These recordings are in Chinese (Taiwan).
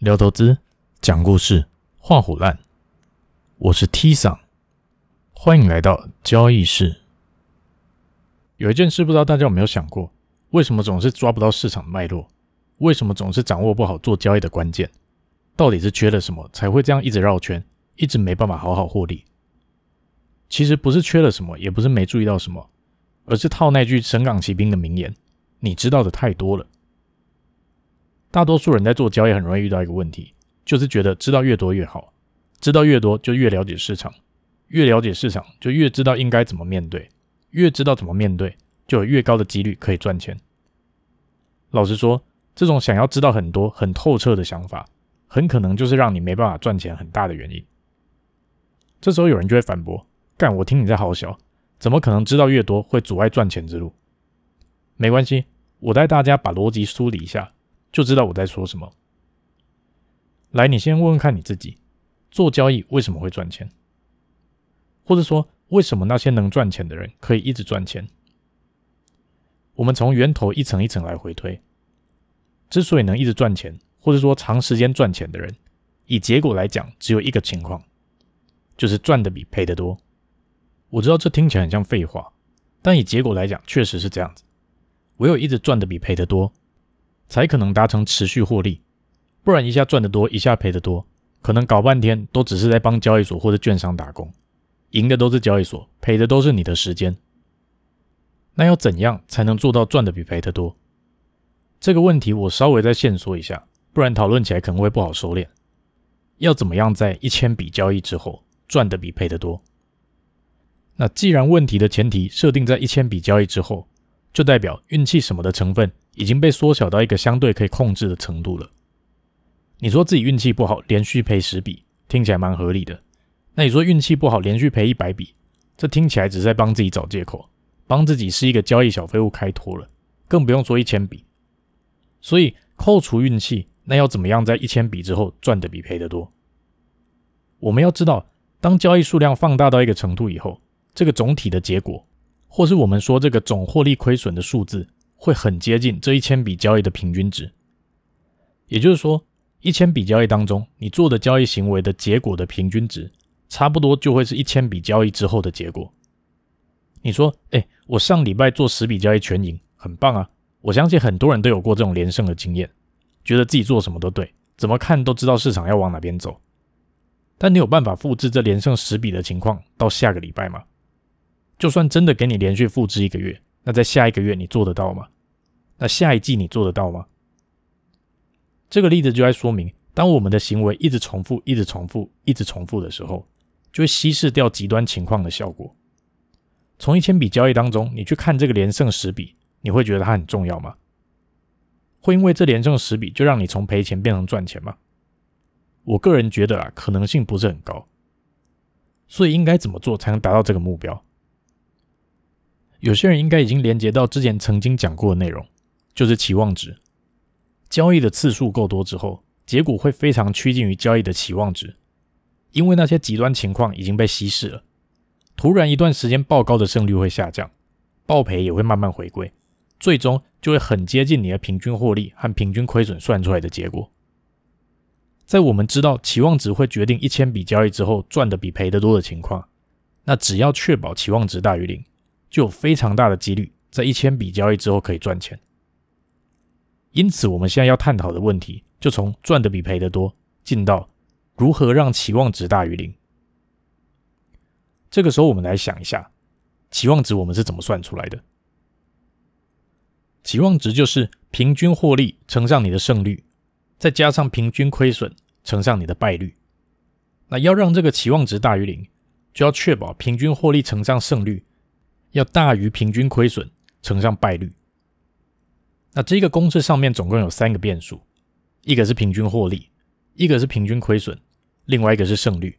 聊投資，講故事，畫虎爛，我是 T 桑，歡迎來到交易室。有一件事不知道大家有沒有想過，為什麼總是抓不到市場脈絡？為什麼總是掌握不好做交易的關鍵？到底是缺了什麼才會這樣一直繞圈，一直沒辦法好好獲利？其實不是缺了什麼，也不是沒注意到什麼，而是套那句省港旗兵的名言：你知道的太多了。大多數人在做交易，很容易遇到一個問題，就是覺得知道越多越好，知道越多就越了解市場，越了解市場就越知道應該怎麼面對，越知道怎麼面對，就有越高的幾率可以賺錢。老實說，這種想要知道很多、很透徹的想法，很可能就是讓你沒辦法賺錢很大的原因。這時候有人就會反駁：“幹，我聽你在嚎笑，怎麼可能知道越多會阻礙賺錢之路？”沒關係，我帶大家把邏輯梳理一下。就知道我在說什麼。來，你先問問看你自己，做交易為什麼會賺錢？或者說為什麼那些能賺錢的人可以一直賺錢？我們從源頭一層一層來回推，之所以能一直賺錢，或者說長時間賺錢的人，以結果來講，只有一個情況，就是賺的比賠的多。我知道這聽起來很像廢話，但以結果來講，確實是這樣子。唯有一直賺的比賠的多。才可能達成持續獲利，不然一下賺的多，一下賠的多，可能搞半天都只是在幫交易所或者券商打工，贏的都是交易所，賠的都是你的時間。那要怎樣才能做到賺的比賠的多？這個問題我稍微再線說一下，不然討論起來可能會不好收斂。要怎麼樣在一千筆交易之後賺的比賠的多？那既然問題的前提設定在一千筆交易之後，就代表運氣什麼的成分，已經被縮小到一個相對可以控制的程度了。你說自己運氣不好，連續賠十筆，聽起來蠻合理的。那你說運氣不好，連續賠一百筆，這聽起來只是在幫自己找借口，幫自己是一個交易小廢物開脫了。更不用說一千筆。所以扣除運氣，那要怎麼樣在一千筆之後賺得比賠得多？我們要知道，當交易數量放大到一個程度以後，這個總體的結果，或是我們說這個總獲利虧損的數字。會很接近這一千筆交易的平均值，也就是說，一千筆交易當中，你做的交易行為的結果的平均值，差不多就會是一千筆交易之後的結果。你說，誒，我上禮拜做十筆交易全贏，很棒啊！我相信很多人都有過這種連勝的經驗，覺得自己做什麼都對，怎麼看都知道市場要往哪邊走。但你有辦法複製這連勝十筆的情況到下個禮拜嗎？就算真的給你連續複製一個月，那在下一個月你做得到嗎？那下一季你做得到嗎？這個例子就在說明，當我們的行為一直重複、一直重複、一直重複的時候，就會稀釋掉極端情況的效果。從一千筆交易當中，你去看這個連勝十筆，你會覺得它很重要嗎？會因為這連勝十筆就讓你從賠錢變成賺錢嗎？我個人覺得啊，可能性不是很高。所以應該怎麼做才能達到這個目標？有些人應該已經連接到之前曾經講過的內容，就是期望值。交易的次數夠多之後，結果會非常趨近於交易的期望值，因為那些極端情況已經被稀釋了。突然一段時間，爆高的勝率會下降，爆賠也會慢慢回歸，最終就會很接近你的平均獲利和平均虧損算出來的結果。在我們知道期望值會決定一千筆交易之後賺的比賠的多的情況，那只要確保期望值大於零。就有非常大的幾率，在一千筆交易之後可以賺錢。因此，我們現在要探討的問題，就從賺的比賠的多，進到如何讓期望值大於零。這個時候，我們來想一下，期望值我們是怎麼算出來的？期望值就是平均獲利乘上你的勝率，再加上平均虧損乘上你的敗率。那要讓這個期望值大於零，就要確保平均獲利乘上勝率。要大於平均虧損乘上敗率。那這個公式上面總共有三個變數，一個是平均獲利，一個是平均虧損，另外一個是勝率。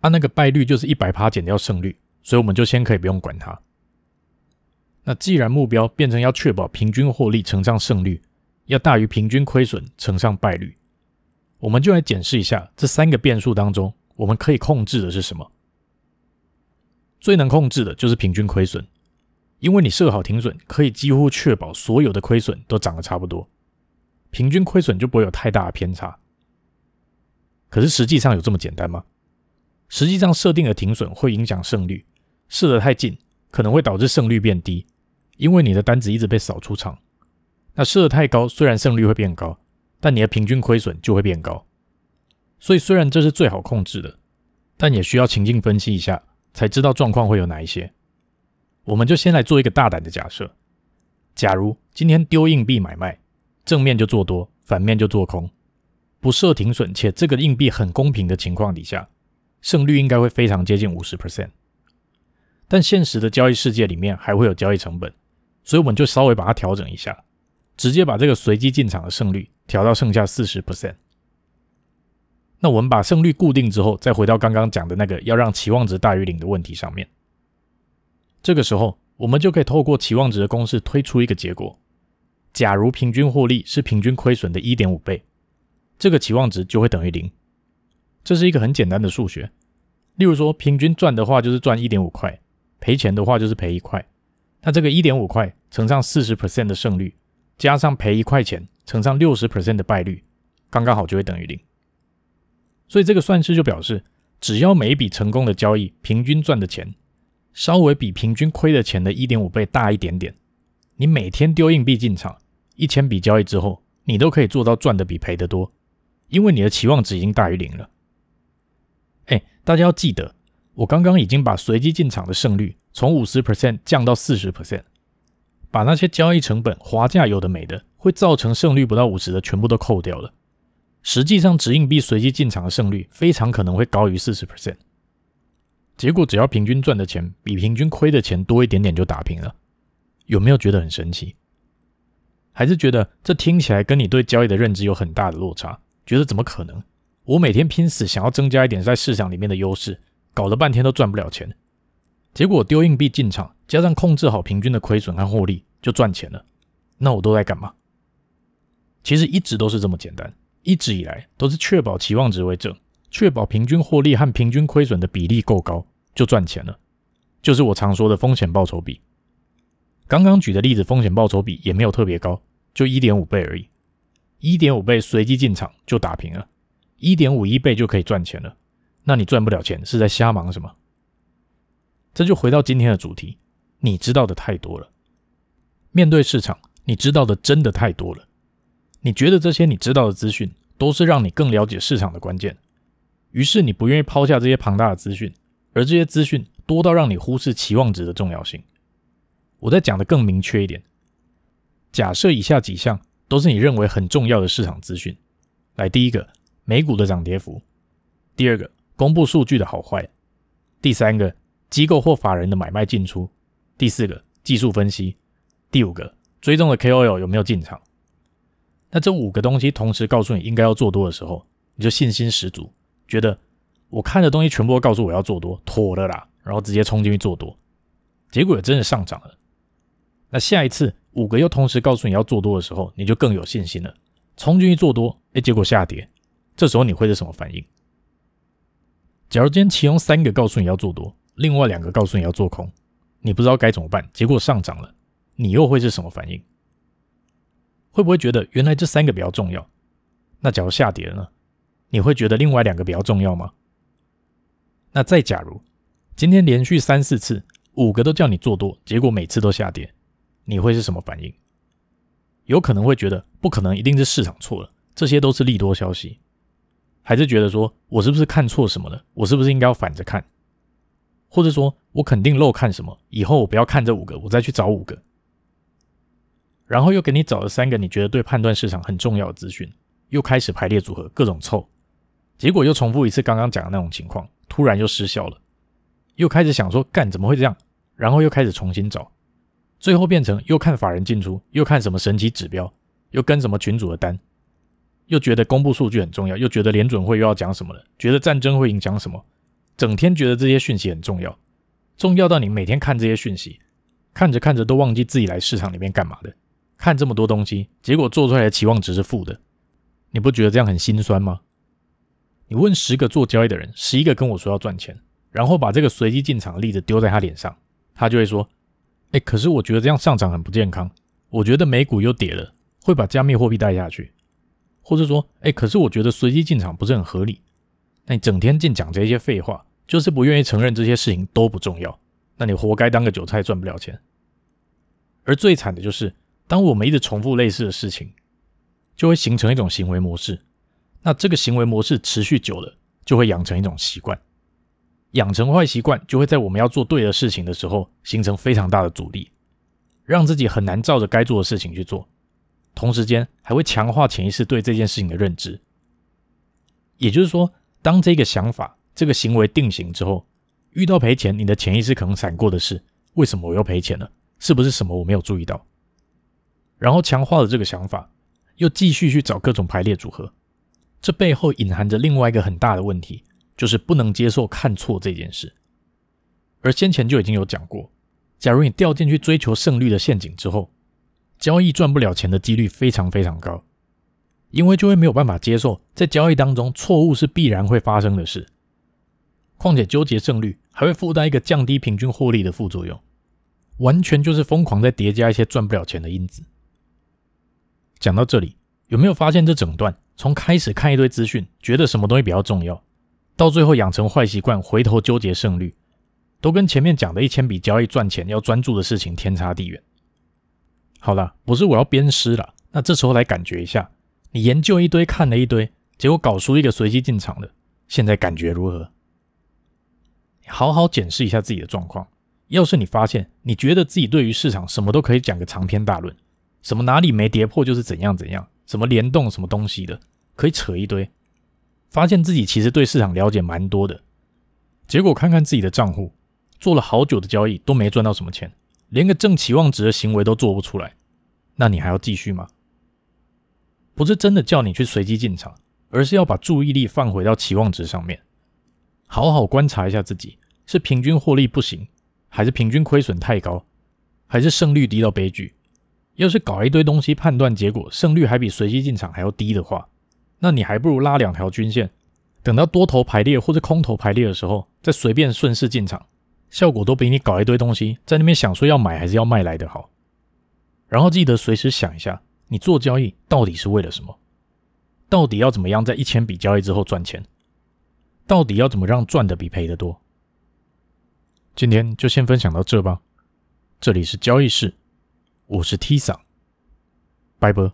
啊，那個敗率就是一百趴減掉勝率，所以我們就先可以不用管它。那既然目標變成要確保平均獲利乘上勝率，要大於平均虧損乘上敗率，我們就來檢視一下這三個變數當中，我們可以控制的是什麼？最能控制的就是平均虧損，因為你設好停損，可以幾乎確保所有的虧損都長得差不多，平均虧損就不會有太大的偏差。可是實際上有這麼簡單嗎？實際上設定的停損會影響勝率，設得太近可能會導致勝率變低，因為你的單子一直被掃出場。那設得太高，雖然勝率會變高，但你的平均虧損就會變高。所以雖然這是最好控制的，但也需要情境分析一下。才知道狀況會有哪一些，我們就先來做一個大膽的假設，假如今天丟硬幣買賣，正面就做多，反面就做空，不設停損，且這個硬幣很公平的情況底下，勝率應該會非常接近五十 percent。但現實的交易世界裡面還會有交易成本，所以我們就稍微把它調整一下，直接把這個隨機進場的勝率調到剩下四十 percent。那我們把勝率固定之後，再回到剛剛講的那個要讓期望值大於零的問題上面。這個時候，我們就可以透過期望值的公式推出一個結果：假如平均獲利是平均虧損的一點五倍，這個期望值就會等於零。這是一個很簡單的數學。例如說，平均賺的話就是賺一點五塊，賠錢的話就是賠一塊。那這個一點五塊乘上四十 percent 的勝率，加上賠一塊錢乘上六十 percent 的敗率，剛剛好就會等於零。所以這個算式就表示，只要每一筆成功的交易平均賺的錢，稍微比平均虧的錢的一點五倍大一點點，你每天丟硬幣進場一千筆交易之後，你都可以做到賺的比賠的多，因為你的期望值已經大於零了。哎、欸，大家要記得，我剛剛已經把隨機進場的勝率從五十 percent 降到四十 percent，把那些交易成本、滑價有的沒的，會造成勝率不到五十的全部都扣掉了。實際上，擲硬幣隨機進場的勝率非常可能會高於四十 percent。結果只要平均賺的錢比平均虧的錢多一點點，就打平了。有沒有覺得很神奇？還是覺得這聽起來跟你對交易的認知有很大的落差？覺得怎麼可能？我每天拼死想要增加一點在市場裡面的優勢，搞了半天都賺不了錢。結果丟硬幣進場，加上控制好平均的虧損和獲利，就賺錢了。那我都在幹嘛？其實一直都是這麼簡單。一直以來都是確保期望值為正，確保平均獲利和平均虧損的比例夠高就賺錢了，就是我常說的風險報酬比。剛剛舉的例子風險報酬比也沒有特別高，就一點五倍而已，一點五倍隨機進場就打平了，一點五一倍就可以賺錢了，那你賺不了錢是在瞎忙什麼？這就回到今天的主題，你知道的太多了，面對市場你知道的真的太多了。你覺得這些你知道的資訊都是讓你更了解市場的關鍵，於是你不願意拋下這些龐大的資訊，而這些資訊多到讓你忽視期望值的重要性。我再講的更明確一點，假設以下幾項都是你認為很重要的市場資訊：來，第一個，美股的漲跌幅；第二個，公布數據的好壞；第三個，機構或法人的買賣進出；第四個，技術分析；第五個，追蹤的 KOL 有沒有進場。那這五個東西同時告訴你應該要做多的時候，你就信心十足，覺得我看的東西全部都告訴我要做多，妥了啦，然後直接衝進去做多，結果也真的上漲了。那下一次五個又同時告訴你要做多的時候，你就更有信心了，衝進去做多，哎、欸，結果下跌，這時候你會是什麼反應？假如今天其中三個告訴你要做多，另外兩個告訴你要做空，你不知道該怎麼辦，結果上漲了，你又會是什麼反應？會不會覺得原來這三個比較重要？那假如下跌了呢？你會覺得另外兩個比較重要嗎？那再假如今天連續三四次，五個都叫你做多，結果每次都下跌，你會是什麼反應？有可能會覺得不可能，一定是市場錯了，這些都是利多消息。還是覺得說我是不是看錯什麼了？我是不是應該要反着看？或者說我肯定漏看什麼，以後我不要看這五個，我再去找五個。然後又給你找了三個你覺得對判斷市場很重要的資訊，又開始排列組合各種湊，結果又重複一次剛剛講的那種情況，突然又失效了，又開始想說幹怎麼會這樣，然後又開始重新找，最後變成又看法人進出，又看什麼神奇指標，又跟什麼群主的單，又覺得公布數據很重要，又覺得聯準會又要講什麼了，覺得戰爭會影響什麼，整天覺得這些訊息很重要，重要到你每天看這些訊息，看着看着都忘記自己來市場裡面幹嘛的。看這麼多東西，結果做出來的期望值是負的，你不覺得這樣很心酸嗎？你問十個做交易的人，十一個跟我說要賺錢，然後把這個隨機進場的例子丟在他臉上，他就會說：“誒、欸，可是我覺得這樣上漲很不健康，我覺得美股又跌了，會把加密貨幣帶下去，或者說，誒、欸，可是我覺得隨機進場不是很合理。”那你整天淨講這些廢話，就是不願意承認這些事情都不重要，那你活該當個韭菜賺不了錢。而最慘的就是。當我們一直重複類似的事情，就會形成一種行為模式。那這個行為模式持續久了，就會養成一種習慣。養成壞習慣，就會在我們要做對的事情的時候，形成非常大的阻力，讓自己很難照着該做的事情去做。同時間，還會強化潛意識對這件事情的認知。也就是說，當這個想法、這個行為定型之後，遇到賠錢，你的潛意識可能閃過的是：為什麼我要賠錢了？是不是什麼我沒有注意到？然後強化了這個想法，又繼續去找各種排列組合。這背後隱含着另外一個很大的問題，就是不能接受看錯這件事。而先前就已經有講過，假如你掉進去追求勝率的陷阱之後，交易賺不了錢的幾率非常非常高，因為就會沒有辦法接受在交易當中錯誤是必然會發生的事。況且糾結勝率還會附帶一個降低平均獲利的副作用，完全就是瘋狂在疊加一些賺不了錢的因子。講到這裡，有沒有發現這整段從開始看一堆資訊，覺得什麼東西比較重要，到最後養成壞習慣，回頭糾結勝率，都跟前面講的一千筆交易賺錢要專注的事情天差地遠？好了，不是我要鞭屍了。那這時候來感覺一下，你研究一堆，看了一堆，結果搞出一個隨機進場的，現在感覺如何？好好檢視一下自己的狀況。要是你發現你覺得自己對於市場什麼都可以講個長篇大論。什麼哪裡沒跌破就是怎樣怎樣，什麼聯動什麼東西的，可以扯一堆。發現自己其實對市場了解蠻多的，結果看看自己的賬戶，做了好久的交易都沒賺到什麼錢，連個正期望值的行為都做不出來，那你還要繼續嗎？不是真的叫你去隨機進場，而是要把注意力放回到期望值上面，好好觀察一下自己，是平均獲利不行，還是平均虧損太高，還是勝率低到悲劇。要是搞一堆東西判斷結果勝率還比隨機進場還要低的話，那你還不如拉兩條均線，等到多頭排列或者空頭排列的時候再隨便順勢進場，效果都比你搞一堆東西在那邊想說要買還是要賣來的好。然後記得隨時想一下，你做交易到底是為了什麼？到底要怎麼樣在一千筆交易之後賺錢？到底要怎麼讓賺的比賠的多？今天就先分享到這吧，這裡是交易事。我是 T 桑，拜拜。